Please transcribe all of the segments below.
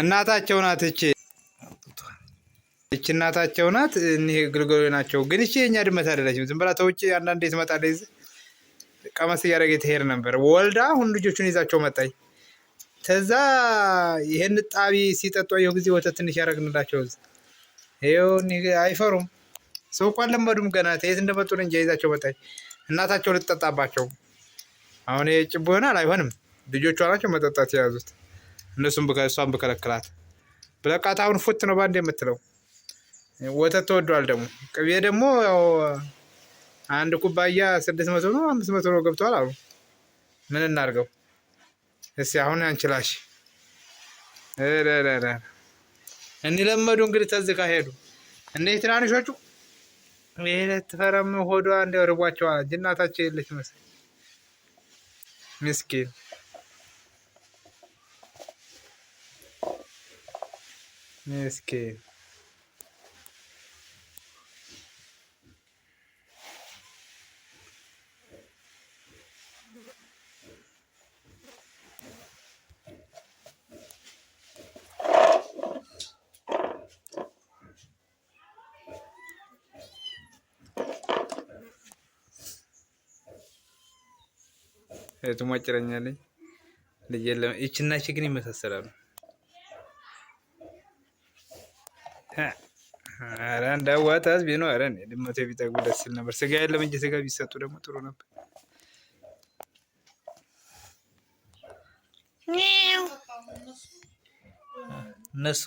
እናታቸው ናት። እች እች እናታቸው ናት። እኒህ ግልገሎ ናቸው። ግን እቺ የኛ ድመት አይደለችም። ዝም ብላ ተውጭ አንዳንዴ ትመጣለች። ቀመስ እያደረገ ትሄድ ነበር። ወልዳ አሁን ልጆቹን ይዛቸው መጣኝ። ከዛ ይሄን ጣቢ ሲጠጡ አየሁ ጊዜ ወተት ትንሽ ያደረግንላቸው ይኸው አይፈሩም። ሰው እንኳን ለመዱም ገና ተየት እንደመጡ እንጂ ይዛቸው መጣኝ። እናታቸው ልትጠጣባቸው አሁን የጭብ ይሆናል አይሆንም። ልጆቿ ናቸው መጠጣት የያዙት። እነሱም እሷን ብከለክላት ብለቃት አሁን ፉት ነው ባንድ የምትለው። ወተት ተወዷል ደግሞ ቅቤ ደግሞ ያው አንድ ኩባያ ስድስት መቶ ነው አምስት መቶ ነው ገብቷል አሉ። ምን እናርገው እስኪ አሁን አንችላሽ እንለመዱ እንግዲህ ተዝካ ሄዱ እነዚህ ትናንሾቹ ይህ ትፈረም ሆዷ እንደ ርቧቸዋል። ጅናታቸው የለች መሰለኝ Mesquil. Mesquil. ትሟጭረኛለኝ። ልጅ የለም። ይችና ይች ግን ይመሳሰላሉ። ኧረ እንዳዋት አዝቤ ነው። ኧረ ድመቶ ቢጠጉ ደስ ይል ነበር። ስጋ የለም እንጂ ስጋ ቢሰጡ ደግሞ ጥሩ ነበር። እነሱ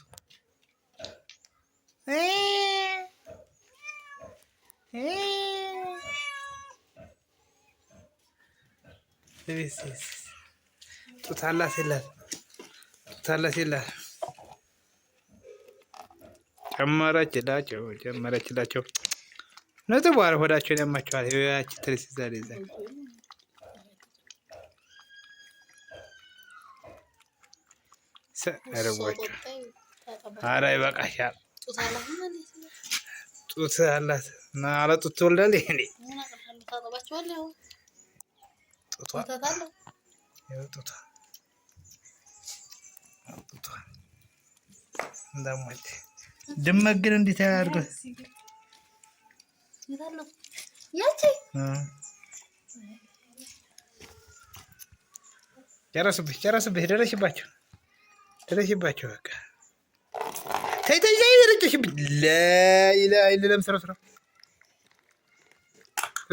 ጡት አላት የላት ጡት አላት ጨመረችላቸው ጨመረችላቸው። ነጥብ ዋረ ሆዳቸውን ያማቸዋል። ያቺ ትርስ ዛሬ ዛ ያረቧቸው። አረ ይበቃሻል። ጡት አላት አለ ጡት ትወልዳለህ ድመት ግን እንዴት ያርገ ጨረስብህ ደረሽባቸው ደረሽባቸው በቃ ተይ ተይ ተይ ስራ ስራ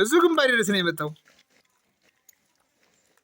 እዙ ግንባር ድረስ ነው የመጣው